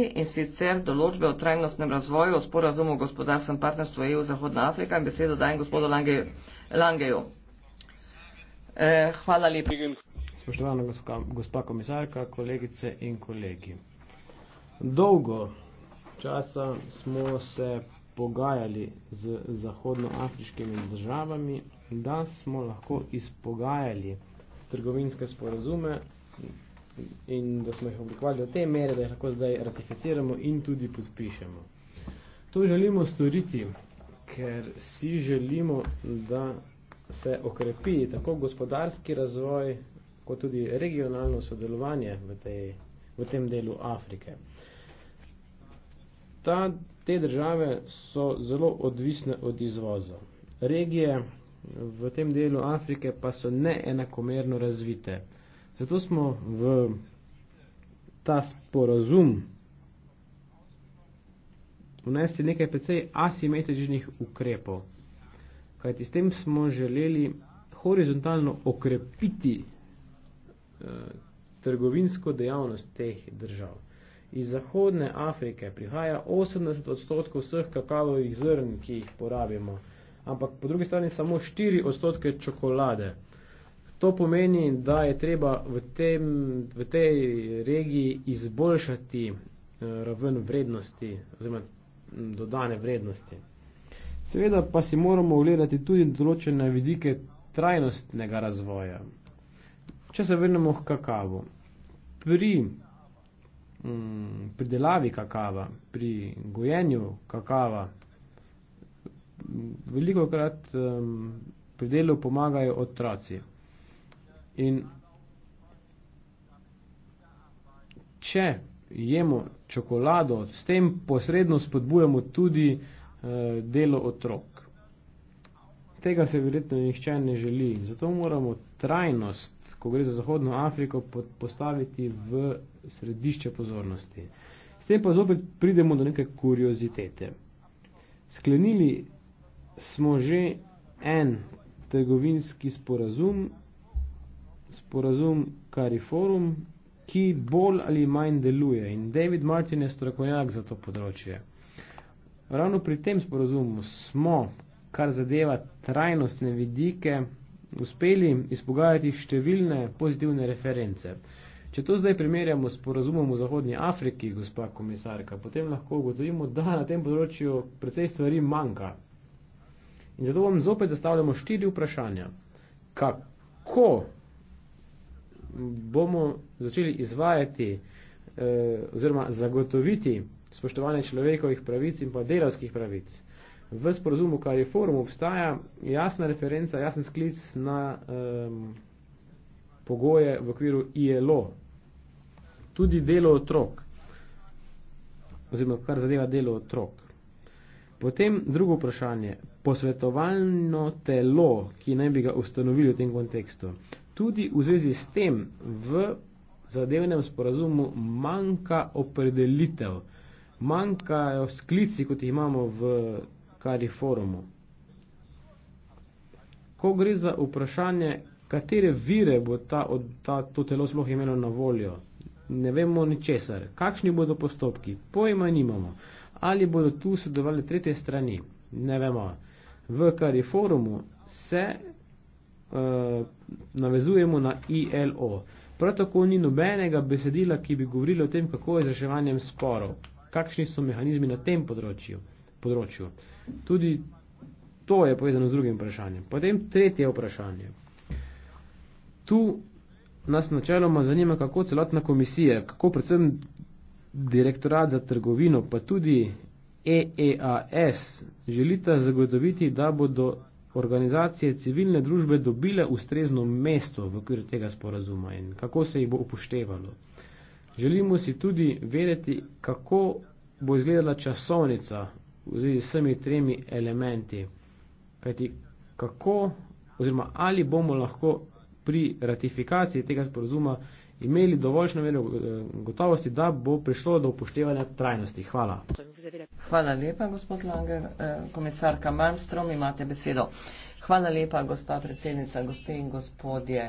in sicer določbe o trajnostnem razvoju, o sporazumu o gospodarskem partnerstvu EU Zahodna Afrika in besedo dajem gospodu Lange, Langeju. Eh, hvala lepa. Spoštovana gospa, gospa komisarka, kolegice in kolegi. Dolgo časa smo se pogajali z zahodnoafriškimi državami, da smo lahko izpogajali trgovinske sporazume in da smo jih oblikovali do te mere, da jih lahko zdaj ratificiramo in tudi podpišemo. To želimo storiti, ker si želimo, da se okrepi tako gospodarski razvoj, kot tudi regionalno sodelovanje v, tej, v tem delu Afrike. Ta, te države so zelo odvisne od izvoza. Regije v tem delu Afrike pa so neenakomerno razvite. Zato smo v ta sporazum vnesli nekaj precej asimetričnih ukrepov. Kajti s tem smo želeli horizontalno okrepiti eh, trgovinsko dejavnost teh držav. Iz Zahodne Afrike prihaja 80 odstotkov vseh kakavovih zrn, ki jih porabimo, ampak po drugi strani samo 4 odstotke čokolade. To pomeni, da je treba v, tem, v tej regiji izboljšati eh, raven vrednosti oziroma dodane vrednosti. Seveda pa si moramo ogledati tudi določene vidike trajnostnega razvoja. Če se vrnemo k kakavu, pri mm, pridelavi kakava, pri gojenju kakava, veliko krat pri delu pomagajo otroci. In če jemo čokolado, s tem posredno spodbujamo tudi eh, delo otrok. Tega se verjetno nihče ne želi. Zato moramo trajnost, ko gre za Zahodno Afriko, postaviti v središče pozornosti. S tem pa zopet pridemo do neke kuriozitete. Sklenili smo že en trgovinski sporazum sporazum Cariforum, ki bolj ali manj deluje in David Martin je strokovnjak za to področje. Ravno pri tem sporazumu smo, kar zadeva trajnostne vidike, uspeli izpogajati številne pozitivne reference. Če to zdaj primerjamo s porazumom v Zahodnji Afriki, gospa komisarka, potem lahko ugotovimo, da na tem področju precej stvari manjka. In zato vam zopet zastavljamo štiri vprašanja. Kako bomo začeli izvajati eh, oziroma zagotoviti spoštovanje človekovih pravic in pa delavskih pravic. V sporozumu, kar je forum, obstaja jasna referenca, jasen sklic na eh, pogoje v okviru ILO. Tudi delo otrok, oziroma kar zadeva delo otrok. Potem drugo vprašanje, posvetovalno telo, ki naj bi ga ustanovili v tem kontekstu. Tudi v zvezi s tem v zadevnem sporazumu manjka opredelitev, manjkajo sklici, kot jih imamo v kari forumu. Ko gre za vprašanje, katere vire bo ta, ta, to telo sploh imelo na voljo, ne vemo ničesar, kakšni bodo postopki, pojma nimamo, ali bodo tu sodelovali tretje strani, ne vemo. V kari forumu se Eh, navezujemo na ILO. Prav tako ni nobenega besedila, ki bi govorilo o tem, kako je z reševanjem sporov, kakšni so mehanizmi na tem področju. področju. Tudi to je povezano z drugim vprašanjem. Potem tretje vprašanje. Tu nas načeloma zanima, kako celotna komisija, kako predvsem direktorat za trgovino, pa tudi EEAS želita zagotoviti, da bodo organizacije civilne družbe dobile ustrezno mesto v okviru tega sporazuma in kako se jih bo upoštevalo. Želimo si tudi vedeti, kako bo izgledala časovnica v zvezi s vsemi tremi elementi. Kajti kako oziroma ali bomo lahko pri ratifikaciji tega sporozuma imeli dovoljšno mero eh, gotovosti, da bo prišlo do upoštevanja trajnosti. Hvala. Hvala lepa, gospod Langer. Eh, komisarka Malmstrom, imate besedo. Hvala lepa, gospa predsednica, gospe in gospodje.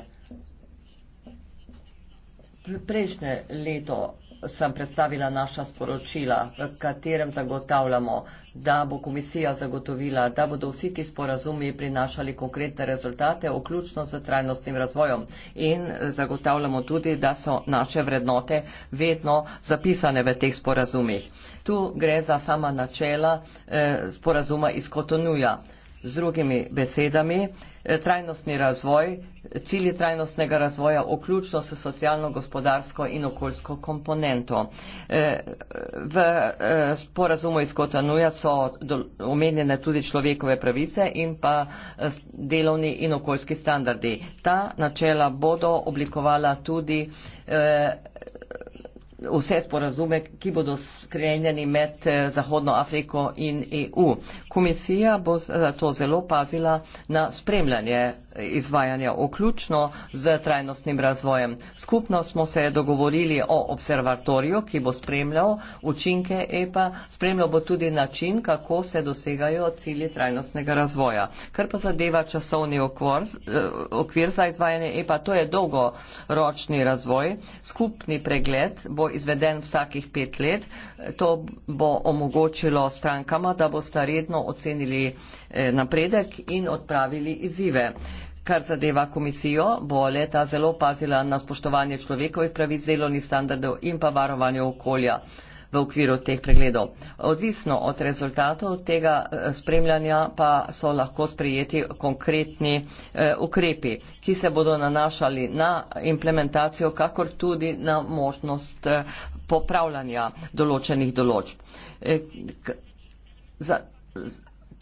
Prejšnje leto sem predstavila naša sporočila, v katerem zagotavljamo, da bo komisija zagotovila, da bodo vsi ti sporazumi prinašali konkretne rezultate, vključno z trajnostnim razvojem. In zagotavljamo tudi, da so naše vrednote vedno zapisane v teh sporazumih. Tu gre za sama načela eh, sporazuma iz Kotonuja z drugimi besedami, e, trajnostni razvoj, cilji trajnostnega razvoja, vključno s socialno, gospodarsko in okoljsko komponento. E, v e, porazumu iz Kotanuja so omenjene tudi človekove pravice in pa delovni in okoljski standardi. Ta načela bodo oblikovala tudi vse sporazume, ki bodo skrenjeni med eh, Zahodno Afriko in EU. Komisija bo zato zelo pazila na spremljanje izvajanja vključno z trajnostnim razvojem. Skupno smo se dogovorili o observatoriju, ki bo spremljal učinke EPA, spremljal bo tudi način, kako se dosegajo cilji trajnostnega razvoja. Kar pa zadeva časovni okvor, eh, okvir za izvajanje EPA, to je dolgoročni razvoj. Skupni pregled bo izveden vsakih pet let. To bo omogočilo strankama, da boste redno ocenili eh, napredek in odpravili izzive. Kar zadeva komisijo, bo leta zelo pazila na spoštovanje človekovih pravic, delovnih standardov in pa varovanje okolja v okviru teh pregledov. Odvisno od rezultatov tega eh, spremljanja pa so lahko sprejeti konkretni eh, ukrepi, ki se bodo nanašali na implementacijo, kakor tudi na možnost eh, popravljanja določenih določb. Eh, k, za,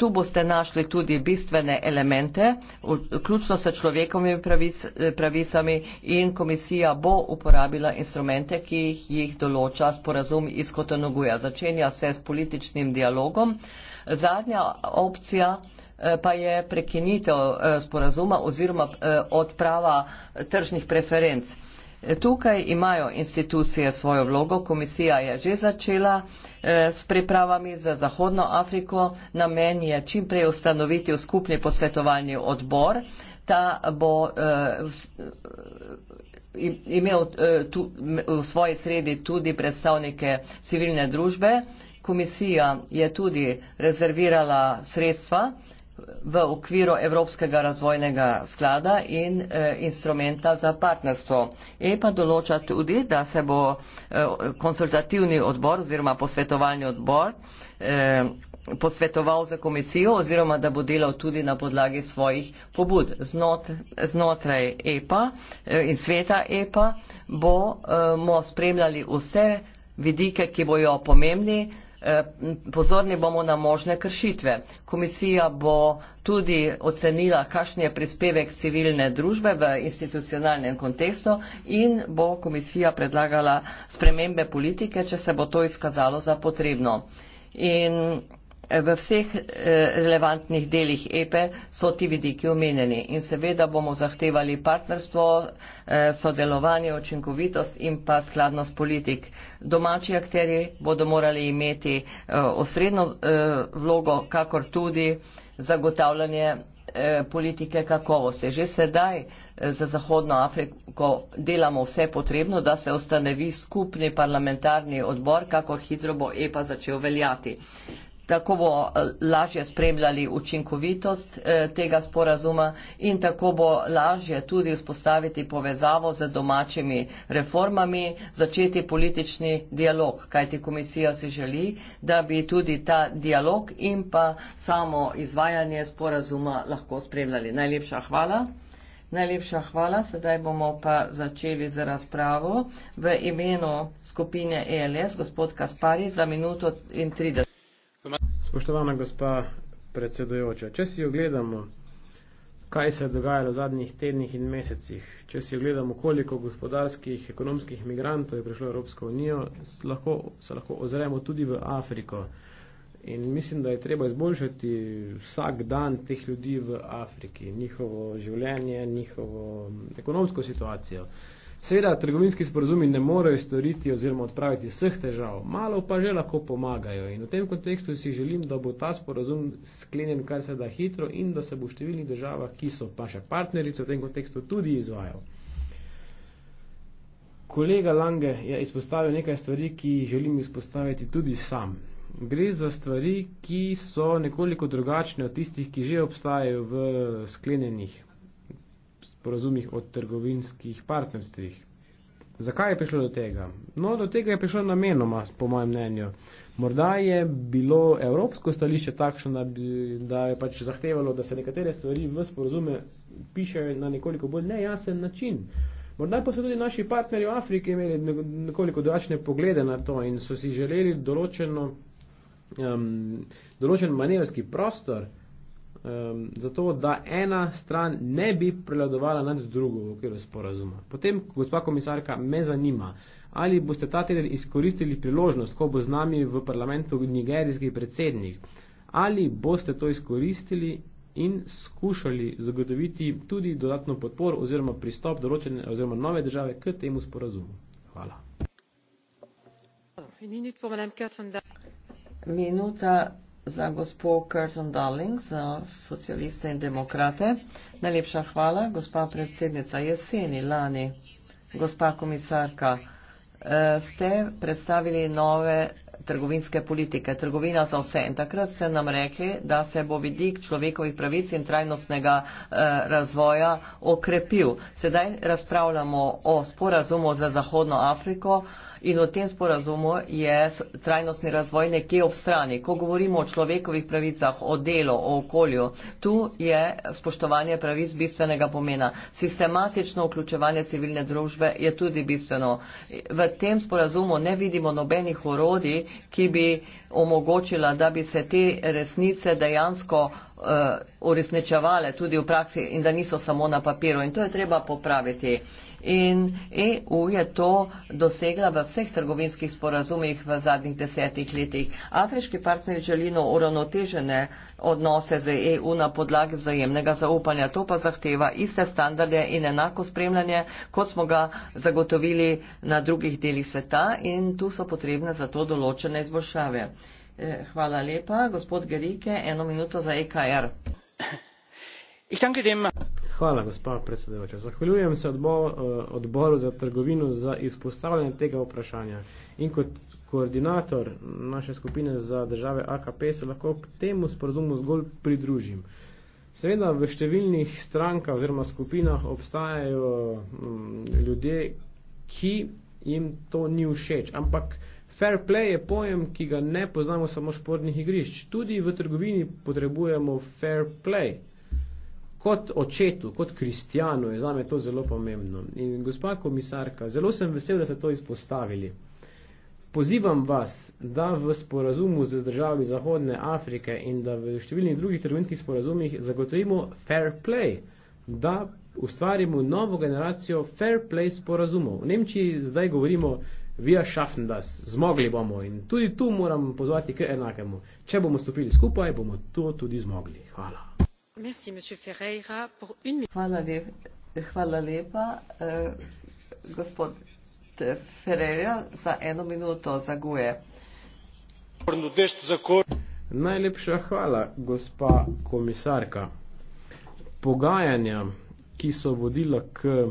Tu boste našli tudi bistvene elemente, vključno s človekovimi pravic, pravicami in komisija bo uporabila instrumente, ki jih, jih določa sporazum iz Kotonoguja. Začenja se s političnim dialogom. Zadnja opcija eh, pa je prekinitev eh, sporazuma oziroma eh, odprava tržnih preferenc. Tukaj imajo institucije svojo vlogo, komisija je že začela eh, s pripravami za Zahodno Afriko, namen je čim prej ustanoviti v skupni posvetovalni odbor, ta bo eh, eh imel eh, tu, v svoji sredi tudi predstavnike civilne družbe. Komisija je tudi rezervirala sredstva eh, v okviru Evropskega razvojnega sklada in e, instrumenta za partnerstvo. EPA določa tudi, da se bo e, konsultativni odbor oziroma posvetovalni odbor e, posvetoval za komisijo oziroma da bo delal tudi na podlagi svojih pobud. Znot, znotraj EPA e, in sveta EPA bomo e, spremljali vse vidike, ki bojo pomembni Eh, pozorni bomo na možne kršitve. Komisija bo tudi ocenila, kakšen je prispevek civilne družbe v institucionalnem kontekstu in bo komisija predlagala spremembe politike, če se bo to izkazalo za potrebno. In v vseh eh, relevantnih delih EPE e so ti vidiki omenjeni in seveda bomo zahtevali partnerstvo, eh, sodelovanje, očinkovitost in pa skladnost politik. Domači akteri bodo morali imeti eh, osrednjo vlogo, kakor tudi zagotavljanje politike kakovosti. Že sedaj za Zahodno Afriko delamo vse potrebno, da se ustanovi skupni parlamentarni odbor, kako hitro bo EPA e začel veljati tako bo eh, lažje spremljali učinkovitost eh, tega sporazuma in tako bo lažje tudi vzpostaviti povezavo z domačimi reformami, začeti politični dialog, kajti komisija si želi, da bi tudi ta dialog in pa samo izvajanje sporazuma lahko spremljali. Najlepša hvala. Najlepša hvala. Sedaj bomo pa začeli z razpravo v imenu skupine ELS, gospod Kaspari, za minuto in 30. Spoštovana gospa predsedujoča, če si ogledamo, kaj se je dogajalo v zadnjih tednih in mesecih, če si ogledamo, koliko gospodarskih, ekonomskih imigrantov je prišlo v Evropsko unijo, se lahko, se lahko ozremo tudi v Afriko. In mislim, da je treba izboljšati vsak dan teh ljudi v Afriki, njihovo življenje, njihovo ekonomsko situacijo. Uh, Seveda, trgovinski sporozumi ne morejo storiti oziroma odpraviti vseh težav, malo pa že lahko pomagajo in v tem kontekstu si želim, da bo ta sporozum sklenjen kar se da hitro in da se bo v številnih državah, ki so pa še partnerice v tem kontekstu, tudi izvajal. Kolega Lange je izpostavil nekaj stvari, ki želim izpostaviti tudi sam. Gre za stvari, ki so nekoliko drugačne od tistih, ki že obstajajo v sklenjenih sporazumih o trgovinskih partnerstvih. Zakaj je prišlo do tega? No, do tega je prišlo namenoma, po mojem mnenju. Morda je bilo evropsko stališče takšno, da, bi, da je pač zahtevalo, da se nekatere stvari v sporozume pišejo na nekoliko bolj nejasen način. Morda pa so tudi naši partnerji v Afriki imeli nekoliko drugačne poglede na to in so si želeli določeno, um, določen manevrski prostor um, zato da ena stran ne bi prevladovala nad drugo v okviru sporazuma. Potem, gospa komisarka, me zanima, ali boste ta teden izkoristili priložnost, ko bo z nami v parlamentu nigerijski predsednik, ali boste to izkoristili in skušali zagotoviti tudi dodatno podporo oziroma pristop določene oziroma nove države k temu sporazumu. Hvala. Minuta za gospod Curtin Darling, za socialiste in demokrate. Najlepša hvala, gospa predsednica. Jeseni, lani, gospa komisarka, eh, ste predstavili nove trgovinske politike, trgovina za vse. In takrat ste nam rekli, da se bo vidik človekovih pravic in trajnostnega eh, razvoja okrepil. Sedaj razpravljamo o sporazumu za Zahodno Afriko in v tem sporazumu je trajnostni razvoj nekje ob strani. Ko govorimo o človekovih pravicah, o delu, o okolju, tu je spoštovanje pravic bistvenega pomena. Sistematično vključevanje civilne družbe je tudi bistveno. V tem sporazumu ne vidimo nobenih orodij, ki bi omogočila, da bi se te resnice dejansko eh, uresničevale uh, tudi v praksi in da niso samo na papiru. In to je treba popraviti. Uh, in EU je to dosegla v vseh trgovinskih sporazumih v zadnjih desetih letih. Afriški partner želi uravnotežene odnose z EU na podlagi vzajemnega zaupanja. To pa zahteva iste standarde in enako spremljanje, kot smo ga zagotovili na drugih delih sveta in tu so potrebne za to določene izboljšave. E, hvala lepa. Gospod Gerike, eno minuto za EKR. Hvala, gospa predsedujoča. Zahvaljujem se odbor, eh, odboru za trgovino za izpostavljanje tega vprašanja. In kot koordinator naše skupine za države AKP se lahko k temu sporazumu zgolj pridružim. Seveda v številnih strankah oziroma skupinah obstajajo m, mm, ljudje, ki jim to ni všeč, ampak fair play je pojem, ki ga ne poznamo samo športnih igrišč. Tudi v trgovini potrebujemo fair play kot očetu, kot kristijanu je zame to zelo pomembno. In gospa komisarka, zelo sem vesel, da ste to izpostavili. Pozivam vas, da v sporazumu z državami Zahodne Afrike in da v številnih drugih trgovinskih sporazumih zagotovimo fair play, da ustvarimo novo generacijo fair play sporazumov. V Nemčiji zdaj govorimo via schaffen das, zmogli bomo in tudi tu moram pozvati k enakemu. Če bomo stopili skupaj, bomo to tudi zmogli. Hvala. Hvala lepa, eh, gospod Ferreira, za eno minuto zaguje. Najlepša hvala, gospa komisarka. Pogajanja ki so vodila k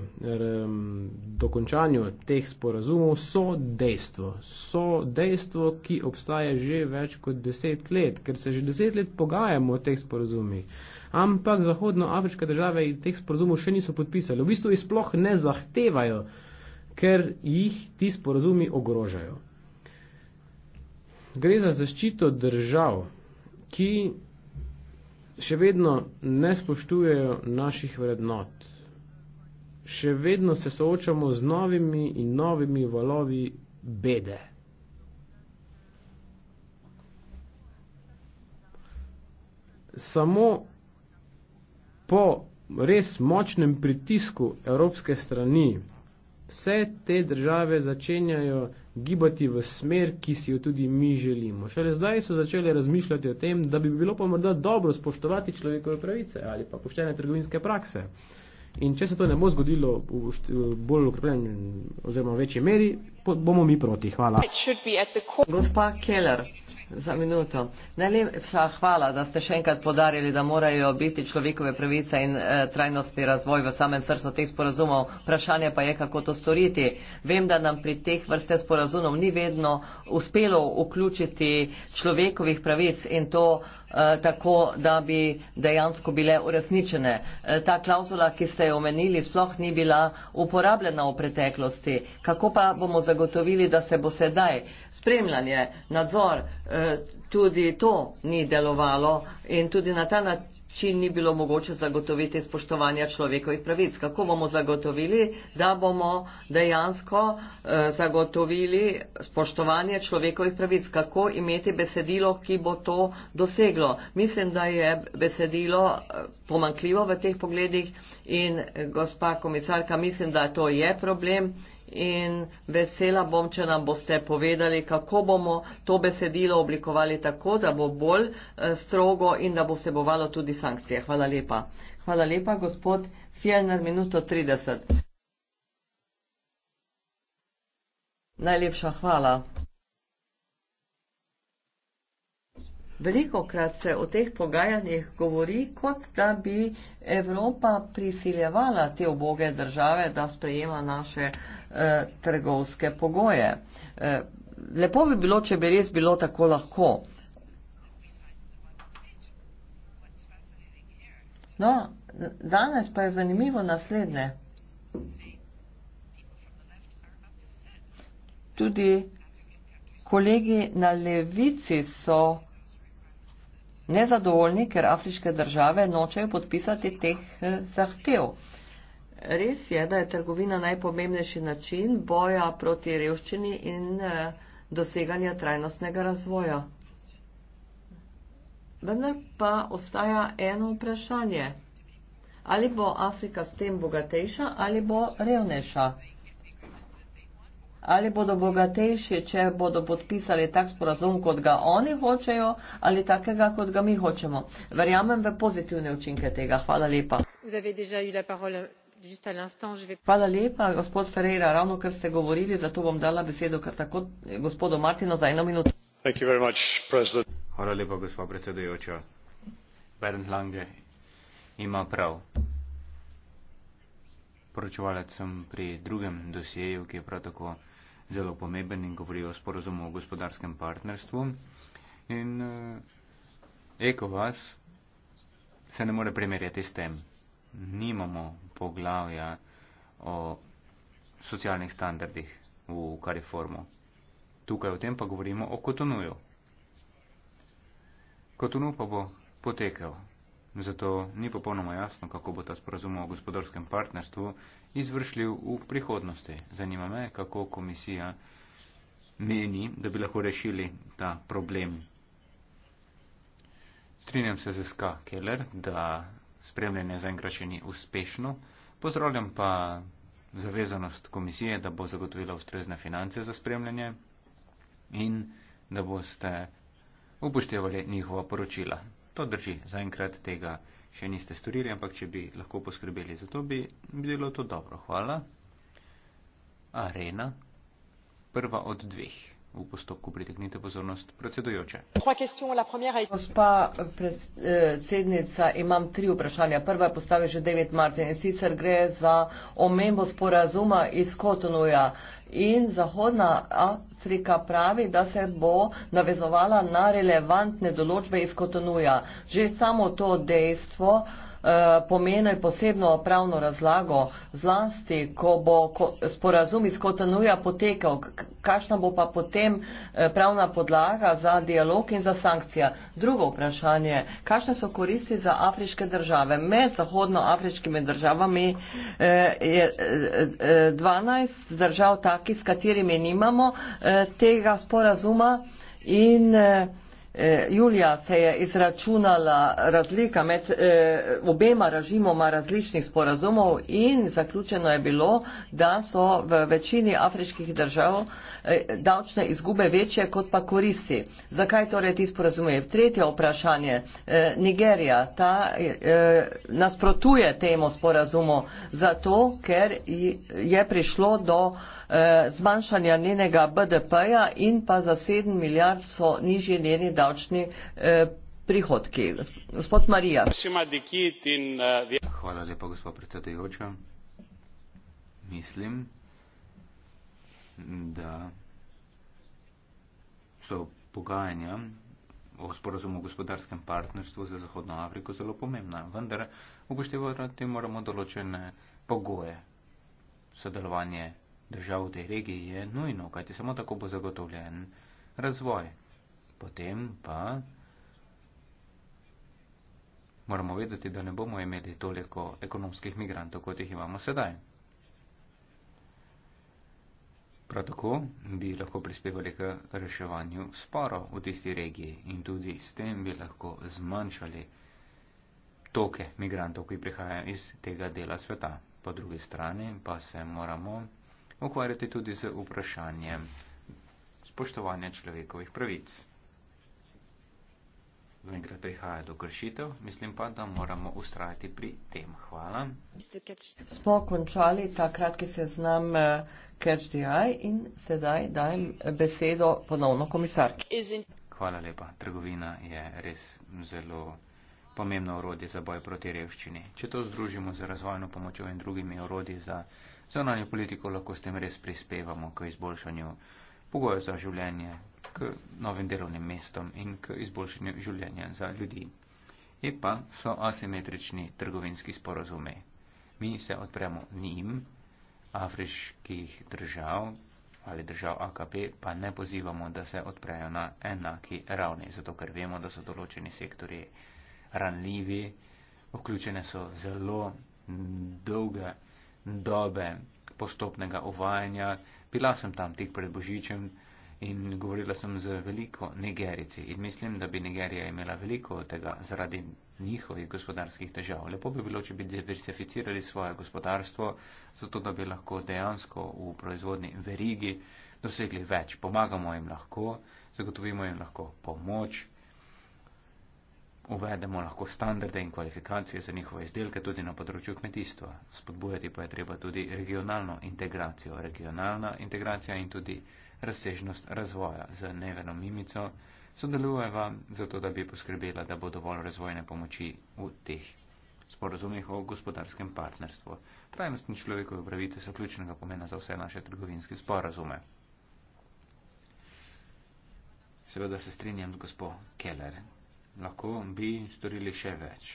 dokončanju teh sporazumov, so dejstvo. So dejstvo, ki obstaja že več kot deset let, ker se že deset let pogajamo o teh sporazumih. Ampak zahodnoafriške države teh sporazumov še niso podpisali. V bistvu jih sploh ne zahtevajo, ker jih ti sporazumi ogrožajo. Gre za zaščito držav, ki še vedno ne spoštujejo naših vrednot. Še vedno se soočamo z novimi in novimi valovi bede. Samo po res močnem pritisku evropske strani se te države začenjajo gibati v smer, ki si jo tudi mi želimo. Šele zdaj so začeli razmišljati o tem, da bi bilo pa morda dobro spoštovati človekove pravice ali pa poštene trgovinske prakse. In če se to ne bo zgodilo v bolj ukrepljenju oziroma večji meri, bomo mi proti. Hvala. Gospa Keller. Za minuto. Najlepša hvala, da ste še enkrat podarili, da morajo biti človekove pravice in e, trajnostni razvoj v samem srcu teh sporazumov. Vprašanje pa je, kako to storiti. Vem, da nam pri teh vrste sporazumov ni vedno uspelo vključiti človekovih pravic in to Eh, tako da bi dejansko bile uresničene. Eh, ta klauzula, ki ste jo omenili, sploh ni bila uporabljena v preteklosti. Kako pa bomo zagotovili, da se bo sedaj spremljanje, nadzor, eh, tudi to ni delovalo in tudi na ta način če ni bilo mogoče zagotoviti spoštovanja človekovih pravic. Kako bomo zagotovili, da bomo dejansko eh, zagotovili spoštovanje človekovih pravic? Kako imeti besedilo, ki bo to doseglo? Mislim, da je besedilo eh, pomankljivo v teh pogledih in eh, gospa komisarka, mislim, da to je problem in vesela bom, če nam boste povedali, kako bomo to besedilo oblikovali tako, da bo bolj eh, strogo in da bo vsebovalo tudi sankcije. Hvala lepa. Hvala lepa, gospod Fjellner, minuto 30. Najlepša hvala. Veliko krat se o teh pogajanjih govori, kot da bi Evropa prisiljevala te oboge države, da sprejema naše eh, trgovske pogoje. Eh, lepo bi bilo, če bi res bilo tako lahko. No, danes pa je zanimivo naslednje. Tudi kolegi na levici so nezadovoljni, ker afriške države nočejo podpisati teh eh, zahtev. Res je, da je trgovina najpomembnejši način boja proti revščini in eh, doseganja trajnostnega razvoja. Vendar pa ostaja eno vprašanje. Ali bo Afrika s tem bogatejša ali bo revnejša? ali bodo bogatejši, če bodo podpisali tak sporazum, kot ga oni hočejo, ali takega, kot ga mi hočemo. Verjamem v pozitivne učinke tega. Hvala lepa. Hvala lepa, gospod Ferreira, ravno ker ste govorili, zato bom dala besedo kar tako eh, gospodu Martinu za eno minuto. Much, Hvala lepa, gospod predsedujoča. Bernd Lange ima prav. Poročevalec sem pri drugem dosjeju, ki je prav tako zelo pomemben in govori o sporozumu o gospodarskem partnerstvu. In uh, eh, ekovas se ne more primerjati s tem. Nimamo poglavja o socialnih standardih v kariformu. Tukaj o tem pa govorimo o kotonuju. Kotonu pa bo potekal Zato ni popolnoma jasno, kako bo ta sporazum o gospodarskem partnerstvu izvršljiv v prihodnosti. Zanima me, kako komisija meni, da bi lahko rešili ta problem. Strinjam se z SK Keller, da spremljanje zaenkrat še ni uspešno, pozdravljam pa zavezanost komisije, da bo zagotovila ustrezne finance za spremljanje in da boste upoštevali njihova poročila. To drži, zaenkrat tega še niste storili, ampak če bi lahko poskrbeli za to, bi bilo to dobro. Hvala. Arena, prva od dveh v postopku pritegnite pozornost predsedujoče. Gospa eh, predsednica, imam tri vprašanja. Prva je postavil že David Martin in sicer gre za omembo sporazuma iz Kotonuja in Zahodna Afrika pravi, da se bo navezovala na relevantne določbe iz Kotonuja. Že samo to dejstvo Eh, pomenil posebno pravno razlago, zlasti, ko bo sporazum iz Kotanuja potekal, kakšna bo pa potem eh, pravna podlaga za dialog in za sankcije. Drugo vprašanje, kakšne so koristi za afriške države? Med zahodnoafriškimi državami eh, je 12 držav takih, s katerimi nimamo tega sporazuma in Eh, Julija se je izračunala razlika med eh, obema režimoma različnih sporazumov in zaključeno je bilo, da so v večini afriških držav eh, davčne izgube večje kot pa koristi. Zakaj torej ti sporazumi? Tretje vprašanje. Eh, Nigerija ta, eh, nasprotuje temu sporazumu zato, ker je prišlo do Eh, zmanjšanja njenega BDP-ja in pa za 7 milijard so nižji njeni davčni eh, prihodki. Gospod Marija. Hvala lepa, gospod predsedujoča. Mislim, da so pogajanja o sporozumu o gospodarskem partnerstvu za Zahodno Afriko zelo pomembna, vendar upoštevati moramo določene pogoje sodelovanje držav v tej regiji je nujno, kajti samo tako bo zagotovljen razvoj. Potem pa moramo vedeti, da ne bomo imeli toliko ekonomskih migrantov, kot jih imamo sedaj. Prav tako bi lahko prispevali k reševanju sporov v tisti regiji in tudi s tem bi lahko zmanjšali toke migrantov, ki prihajajo iz tega dela sveta. Po drugi strani pa se moramo ukvarjati tudi z vprašanjem spoštovanja človekovih pravic. Zaenkrat prihaja do kršitev, mislim pa, da moramo ustrajati pri tem. Hvala. Smo končali ta kratki seznam eh, Catch the Eye in sedaj dajem besedo ponovno komisarki. Hvala lepa. Trgovina je res zelo pomembno orodje za boj proti revščini. Če to združimo z razvojno pomočjo in drugimi orodji za zunanjo politiko lahko s tem res prispevamo k izboljšanju pogojev za življenje, k novim delovnim mestom in k izboljšanju življenja za ljudi. Epa so asimetrični trgovinski sporozume. Mi se odpremo njim, afriških držav ali držav AKP pa ne pozivamo, da se odprejo na enaki ravni, zato ker vemo, da so določeni sektori ranljivi, vključene so zelo dolge dobe postopnega uvajanja. Bila sem tam tik pred Božičem in govorila sem z veliko Nigerici in mislim, da bi Nigerija imela veliko tega zaradi njihovih gospodarskih težav. Lepo bi bilo, če bi diversificirali svoje gospodarstvo, zato da bi lahko dejansko v proizvodni verigi dosegli več. Pomagamo jim lahko, zagotovimo jim lahko pomoč uvedemo lahko standarde in kvalifikacije za njihove izdelke tudi na področju kmetijstva. Spodbujati pa je treba tudi regionalno integracijo, regionalna integracija in tudi razsežnost razvoja. Z neveno mimico sodelujeva zato, da bi poskrbela, da bo dovolj razvojne pomoči v teh sporozumih o gospodarskem partnerstvu. Trajnost in človekove pravice so ključnega pomena za vse naše trgovinske sporozume. Seveda se strinjam z gospod Keller lahko bi storili še več.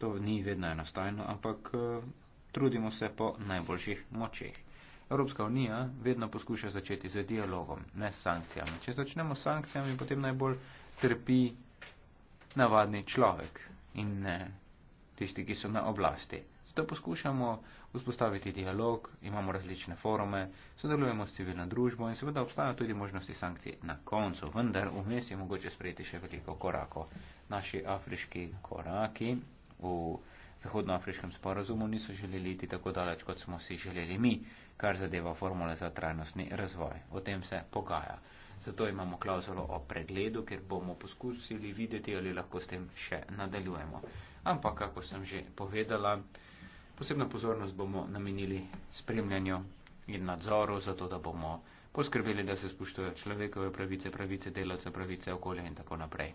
To ni vedno enostavno, ampak eh, trudimo se po najboljših močeh. Evropska unija vedno poskuša začeti z dialogom, ne s sankcijami. Če začnemo s sankcijami, potem najbolj trpi navadni človek in ne tisti, ki so na oblasti. Zato poskušamo vzpostaviti dialog, imamo različne forume, sodelujemo s civilno družbo in seveda obstajajo tudi možnosti sankcij na koncu, vendar vmes je mogoče sprejeti še veliko korakov. Naši afriški koraki v Zahodnoafriškem sporazumu niso želeli iti tako daleč, kot smo si želeli mi, kar zadeva formule za trajnostni razvoj. O tem se pogaja. Zato imamo klauzulo o pregledu, ker bomo poskusili videti, ali lahko s tem še nadaljujemo. Ampak, kako sem že povedala, Posebno pozornost bomo namenili spremljanju in nadzoru, zato da bomo poskrbeli, da se spoštujejo človekove pravice, pravice delavcev, pravice okolja in tako naprej.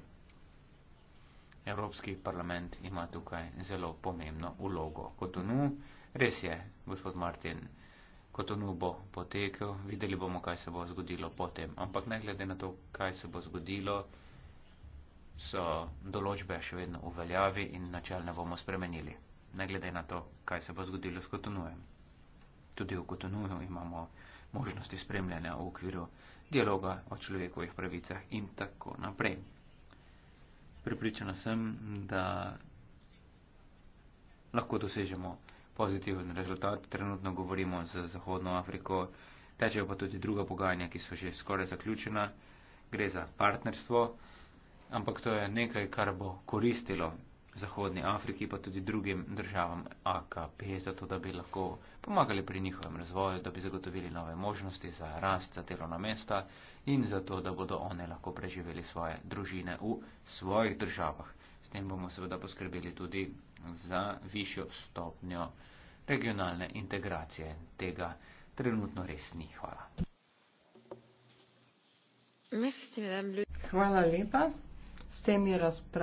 Evropski parlament ima tukaj zelo pomembno ulogo. Kotonu, res je, gospod Martin, Kotonu bo potekel, videli bomo, kaj se bo zgodilo potem. Ampak ne glede na to, kaj se bo zgodilo, so določbe še vedno v veljavi in načel ne bomo spremenili ne glede na to, kaj se bo zgodilo s Kotonujem. Tudi v Kotonuju imamo možnosti spremljanja v okviru dialoga o človekovih pravicah in tako naprej. Pripričana sem, da lahko dosežemo pozitiven rezultat. Trenutno govorimo z Zahodno Afriko, tečejo pa tudi druga pogajanja, ki so že skoraj zaključena. Gre za partnerstvo, ampak to je nekaj, kar bo koristilo Zahodni Afriki pa tudi drugim državam AKP, zato da bi lahko pomagali pri njihovem razvoju, da bi zagotovili nove možnosti za rast, za delovna mesta in zato, da bodo one lahko preživeli svoje družine v svojih državah. S tem bomo seveda poskrbeli tudi za višjo stopnjo regionalne integracije. Tega trenutno res ni. Hvala. Hvala lepa. S tem je razprava.